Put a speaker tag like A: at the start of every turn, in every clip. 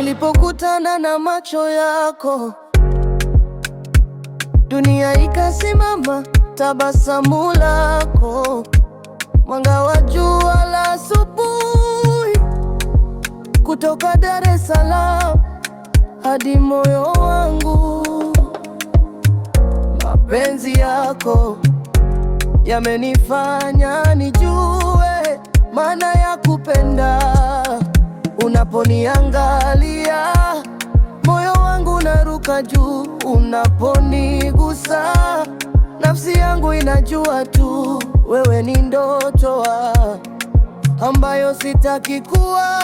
A: Nilipokutana na macho yako, dunia ikasimama. Tabasamu lako, mwanga wa jua la asubuhi, kutoka Dar es Salaam hadi moyo wangu. Mapenzi yako yamenifanya nijue maana ya kupenda unaponiangalia juu unaponigusa, nafsi yangu inajua tu wewe ni ndotoa ambayo sitaki kuwa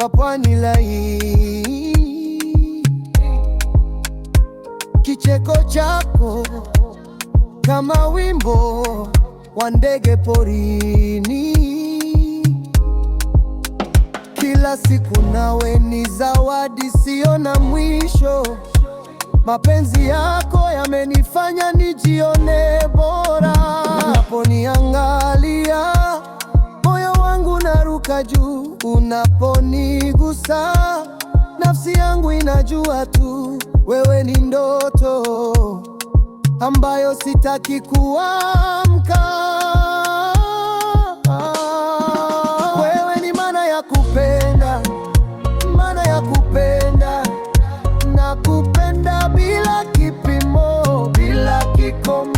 A: wa pwani lai, kicheko chako kama wimbo wa ndege porini. Kila siku nawe ni zawadi sio na mwisho. Mapenzi yako yamenifanya nijione bora. Unaponiangalia moyo wangu naruka juu Unaponigusa nafsi yangu inajua tu wewe ni ndoto ambayo sitaki kuamka. Wewe ni maana ya kupenda, maana ya kupenda, na kupenda bila kipimo, bila kikomo.